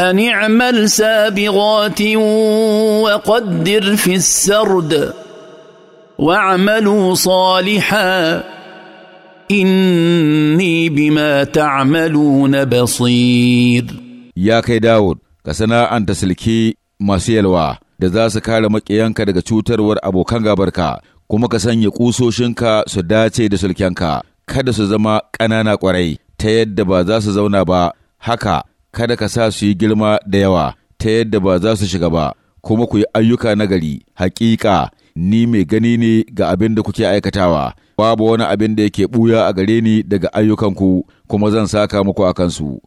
أن اعمل سابغات وقدر في السرد واعملوا صالحا إني بما تعملون بصير يا كي داود كسنا أن تسلكي masiyalwa da za su kare maƙiyanka daga cutarwar abokan gabarka kuma ka sanya ƙusoshinka su dace da sulkenka kada su zama ƙanana ƙwarai ta yadda ba za su zauna ba haka kada ka sa su yi girma da yawa ta yadda ba za su shiga ba, kuma ku yi ayyuka nagari, hakika ni mai gani ne ga abin da kuke aikatawa, babu wani abin da yake ɓuya a gare ni daga ayyukanku kuma zan saka muku a kansu.